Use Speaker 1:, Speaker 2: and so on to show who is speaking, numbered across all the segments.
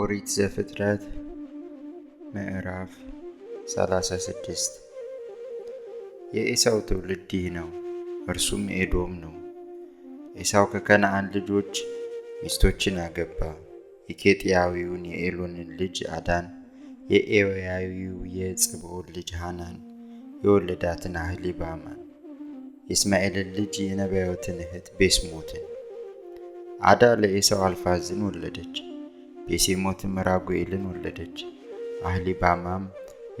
Speaker 1: ኦሪት ዘፍጥረት ምዕራፍ 36 የኤሳው ትውልድ ይህ ነው፣ እርሱም ኤዶም ነው። ኤሳው ከከነአን ልጆች ሚስቶችን አገባ። የኬጥያዊውን የኤሎንን ልጅ አዳን፣ የኤውያዊው የጽብዖን ልጅ ሃናን የወለዳትን አህሊባማን፣ የእስማኤልን ልጅ የነባዮትን እህት ቤስሞትን። አዳ ለኤሳው አልፋዝን ወለደች። የሴሞትም ራጉኤልን ወለደች። አህሊባማም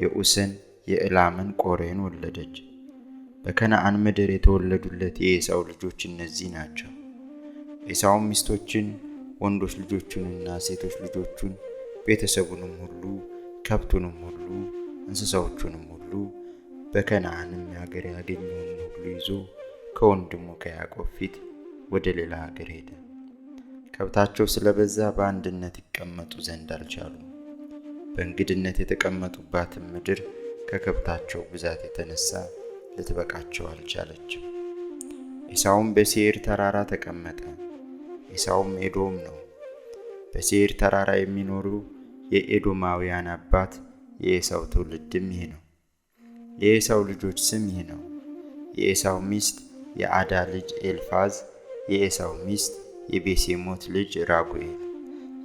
Speaker 1: የኡስን የዕላምን ቆሬን ወለደች። በከነአን ምድር የተወለዱለት የኤሳው ልጆች እነዚህ ናቸው። ኤሳውም ሚስቶችን፣ ወንዶች ልጆቹንና ሴቶች ልጆቹን፣ ቤተሰቡንም ሁሉ፣ ከብቱንም ሁሉ፣ እንስሳዎቹንም ሁሉ በከነአንም አገር ያገኘውን ሁሉ ይዞ ከወንድሙ ከያዕቆብ ፊት ወደ ሌላ ሀገር ሄደ። ከብታቸው ስለበዛ በአንድነት ይቀመጡ ዘንድ አልቻሉም። በእንግድነት የተቀመጡባትን ምድር ከከብታቸው ብዛት የተነሳ ልትበቃቸው አልቻለችም። ኤሳውም በሴይር ተራራ ተቀመጠ። ኤሳውም ኤዶም ነው። በሴይር ተራራ የሚኖሩ የኤዶማውያን አባት የኤሳው ትውልድም ይህ ነው። የኤሳው ልጆች ስም ይህ ነው። የኤሳው ሚስት የአዳ ልጅ ኤልፋዝ፣ የኤሳው ሚስት የቤሴሞት ልጅ ራጉኤል።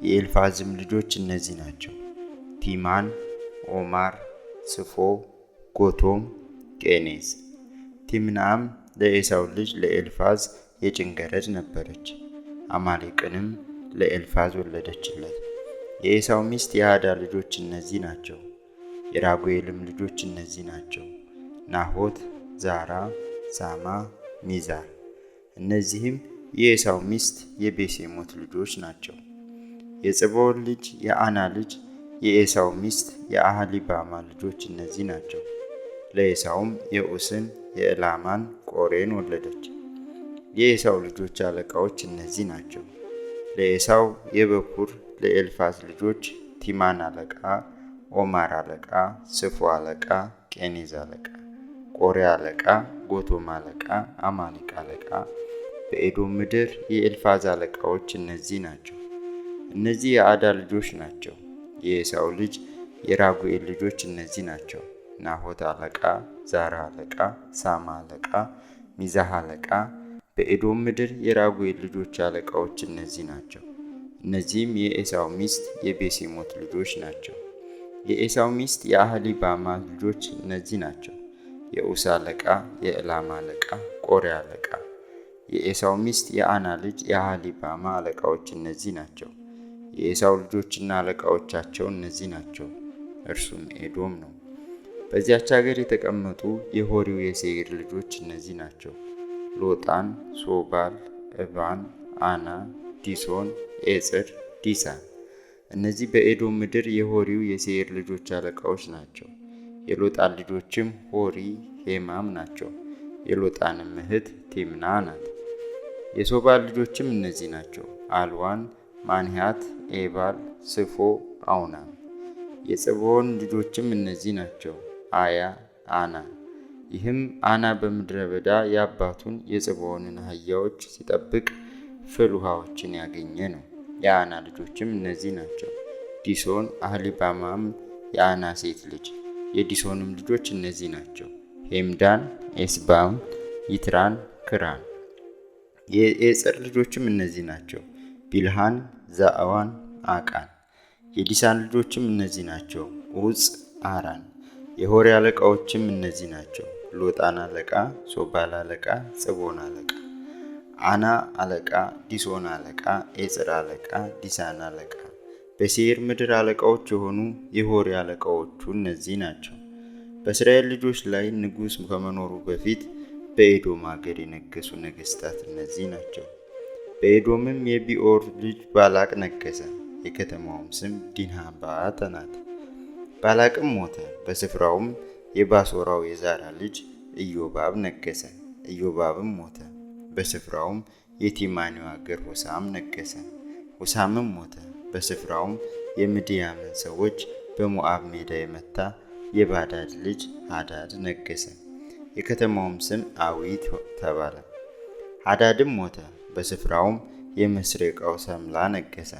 Speaker 1: የኤልፋዝም ልጆች እነዚህ ናቸው፣ ቲማን፣ ኦማር፣ ስፎ፣ ጎቶም፣ ቄኔዝ። ቲምናም ለኤሳው ልጅ ለኤልፋዝ የጭንገረድ ነበረች፣ አማሌቅንም ለኤልፋዝ ወለደችለት። የኤሳው ሚስት የአዳ ልጆች እነዚህ ናቸው፣ የራጉኤልም ልጆች እነዚህ ናቸው፣ ናሆት፣ ዛራ፣ ዛማ፣ ሚዛር። እነዚህም የኤሳው ሚስት የቤሴሞት ልጆች ናቸው። የጽቦን ልጅ የአና ልጅ የኤሳው ሚስት የአህሊባማ ልጆች እነዚህ ናቸው። ለኤሳውም የዑስን፣ የዕላማን፣ ቆሬን ወለደች። የኤሳው ልጆች አለቃዎች እነዚህ ናቸው። ለኤሳው የበኩር ለኤልፋዝ ልጆች ቲማን አለቃ፣ ኦማር አለቃ፣ ስፎ አለቃ፣ ቄኔዝ አለቃ፣ ቆሬ አለቃ፣ ጎቶም አለቃ፣ አማሊቅ አለቃ በኤዶም ምድር የኤልፋዝ አለቃዎች እነዚህ ናቸው። እነዚህ የአዳ ልጆች ናቸው። የኤሳው ልጅ የራጉኤል ልጆች እነዚህ ናቸው። ናሆት አለቃ፣ ዛራ አለቃ፣ ሳማ አለቃ፣ ሚዛህ አለቃ። በኤዶም ምድር የራጉኤል ልጆች አለቃዎች እነዚህ ናቸው። እነዚህም የኤሳው ሚስት የቤሴሞት ልጆች ናቸው። የኤሳው ሚስት የአህሊባማ ልጆች እነዚህ ናቸው። የኡሳ አለቃ፣ የዕላማ አለቃ፣ ቆሬ አለቃ የኤሳው ሚስት የአና ልጅ የአሊባማ አለቃዎች እነዚህ ናቸው። የኤሳው ልጆችና አለቃዎቻቸው እነዚህ ናቸው። እርሱም ኤዶም ነው። በዚያች ሀገር የተቀመጡ የሆሪው የሴይር ልጆች እነዚህ ናቸው። ሎጣን፣ ሶባል፣ እባን፣ አና፣ ዲሶን፣ ኤጽር፣ ዲሳን። እነዚህ በኤዶም ምድር የሆሪው የሴይር ልጆች አለቃዎች ናቸው። የሎጣን ልጆችም ሆሪ፣ ሄማም ናቸው። የሎጣንም እህት ቲምና ናት። የሶባል ልጆችም እነዚህ ናቸው፣ አልዋን፣ ማንያት፣ ኤባል፣ ስፎ፣ አውና። የጽብዖን ልጆችም እነዚህ ናቸው፣ አያ፣ አና። ይህም አና በምድረ በዳ የአባቱን የጽብዖንን አህያዎች ሲጠብቅ ፍል ውሃዎችን ያገኘ ነው። የአና ልጆችም እነዚህ ናቸው፣ ዲሶን፣ አህሊባማም የአና ሴት ልጅ። የዲሶንም ልጆች እነዚህ ናቸው፣ ሄምዳን፣ ኤስባም፣ ይትራን፣ ክራን። የኤጽር ልጆችም እነዚህ ናቸው፣ ቢልሃን፣ ዛዕዋን፣ አቃን። የዲሳን ልጆችም እነዚህ ናቸው፣ ዑፅ፣ አራን። የሆሪ አለቃዎችም እነዚህ ናቸው፣ ሎጣን አለቃ፣ ሶባል አለቃ፣ ጽቦን አለቃ። አና አለቃ፣ ዲሶን አለቃ፣ ኤጽር አለቃ፣ ዲሳን አለቃ። በሴር ምድር አለቃዎች የሆኑ የሆሪ አለቃዎቹ እነዚህ ናቸው። በእስራኤል ልጆች ላይ ንጉሥ ከመኖሩ በፊት በኤዶም አገር የነገሱ ነገስታት እነዚህ ናቸው። በኤዶምም የቢኦር ልጅ ባላቅ ነገሰ። የከተማውም ስም ዲንሃባተ ናት። ባላቅም ሞተ። በስፍራውም የባሶራው የዛራ ልጅ ኢዮባብ ነገሰ። ኢዮባብም ሞተ። በስፍራውም የቲማኒው ሀገር ሁሳም ነገሰ። ሁሳምም ሞተ። በስፍራውም የምድያምን ሰዎች በሞአብ ሜዳ የመታ የባዳድ ልጅ ሃዳድ ነገሰ። የከተማውም ስም አዊት ተባለ። ሃዳድም ሞተ፣ በስፍራውም የመስረቃው ሰምላ ነገሰ።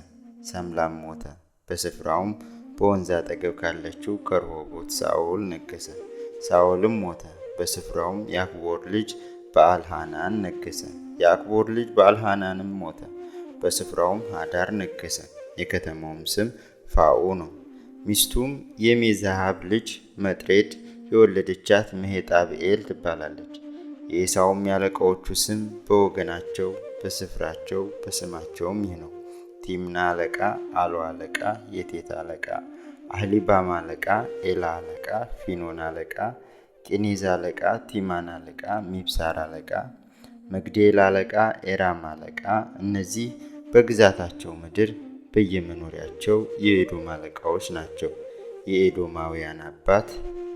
Speaker 1: ሰምላም ሞተ፣ በስፍራውም በወንዝ አጠገብ ካለችው ከርሆቦት ሳኦል ነገሰ። ሳኦልም ሞተ፣ በስፍራውም የአክቦር ልጅ በአልሃናን ነገሰ። የአክቦር ልጅ በአልሃናንም ሞተ፣ በስፍራውም ሃዳር ነገሰ። የከተማውም ስም ፋኡ ነው። ሚስቱም የሜዛሃብ ልጅ መጥሬድ የወለደቻት መሄጣብኤል ትባላለች። የኤሳውም ያለቃዎቹ ስም በወገናቸው በስፍራቸው በስማቸውም ይህ ነው። ቲምና አለቃ፣ አሎ አለቃ፣ የቴት አለቃ፣ አህሊባም አለቃ፣ ኤላ አለቃ፣ ፊኖን አለቃ፣ ቂኒዝ አለቃ፣ ቲማን አለቃ፣ ሚብሳር አለቃ፣ መግዴል አለቃ፣ ኤራም አለቃ። እነዚህ በግዛታቸው ምድር በየመኖሪያቸው የኤዶም አለቃዎች ናቸው። የኤዶማውያን አባት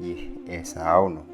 Speaker 1: ይህ ኤሳው ነው።